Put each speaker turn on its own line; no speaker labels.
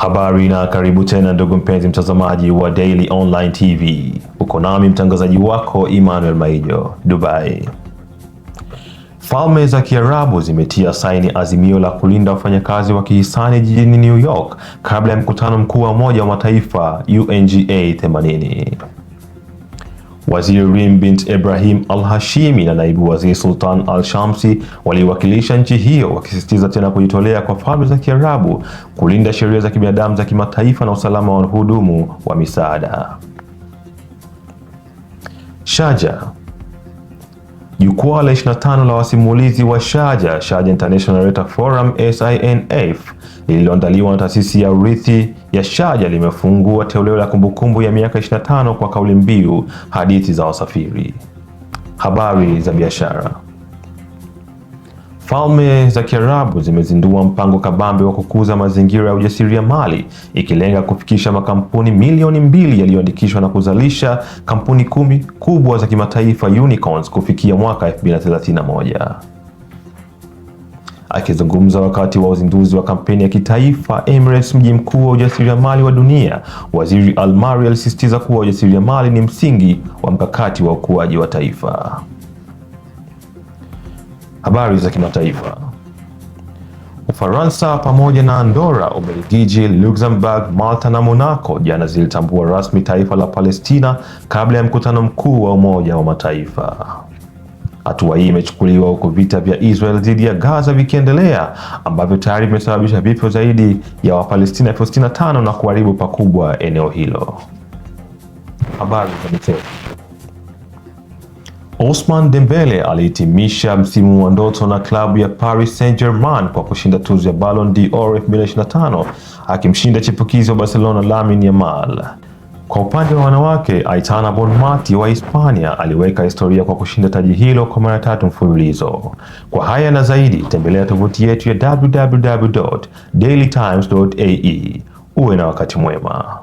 Habari na karibu tena ndugu mpenzi mtazamaji wa Daily Online TV, uko nami mtangazaji wako Emmanuel Maijo, Dubai. Falme za Kiarabu zimetia saini azimio la kulinda wafanyakazi wa kihisani jijini New York kabla ya mkutano mkuu wa Umoja wa Mataifa UNGA 80. Waziri Rim bint Ibrahim Al-Hashimi na naibu waziri Sultan Al-Shamsi waliwakilisha nchi hiyo wakisisitiza tena kujitolea kwa falme za Kiarabu kulinda sheria za kibinadamu za kimataifa na usalama wa wahudumu wa misaada.
Sharjah Jukwaa la 25 la wasimulizi wa shaja Shaja International Writer Forum SINF, lililoandaliwa na taasisi ya urithi ya shaja limefungua toleo la kumbukumbu ya miaka 25 kwa kauli mbiu hadithi za wasafiri, habari za biashara. Falme za Kiarabu zimezindua mpango kabambe wa kukuza mazingira ya ujasiriamali ikilenga kufikisha makampuni milioni mbili yaliyoandikishwa na kuzalisha kampuni kumi kubwa za kimataifa unicorns kufikia mwaka 2031. Akizungumza wakati wa uzinduzi wa kampeni ya kitaifa Emirates, mji mkuu wa ujasiriamali wa dunia, Waziri almari alisisitiza kuwa ujasiriamali ni msingi wa mkakati wa ukuaji wa taifa. Habari za kimataifa. Ufaransa pamoja na Andorra, Ubelgiji, Luxembourg, Malta na Monaco jana zilitambua rasmi taifa la Palestina kabla ya mkutano mkuu wa Umoja wa Mataifa. Hatua hii imechukuliwa huku vita vya Israel dhidi ya Gaza vikiendelea ambavyo tayari vimesababisha vifo zaidi ya Wapalestina 65 na na kuharibu pakubwa eneo hilo. Habari za michezo. Ousmane Dembele alihitimisha msimu wa ndoto na klabu ya Paris Saint-Germain kwa kushinda tuzo ya Ballon d'Or 2025 akimshinda chipukizi wa Barcelona Lamine Yamal. Kwa upande wa wanawake, Aitana Bonmati wa Hispania aliweka historia kwa kushinda taji hilo kwa mara tatu mfululizo. Kwa haya na zaidi, tembelea tovuti yetu ya www.dailytimes.ae. Uwe na wakati mwema.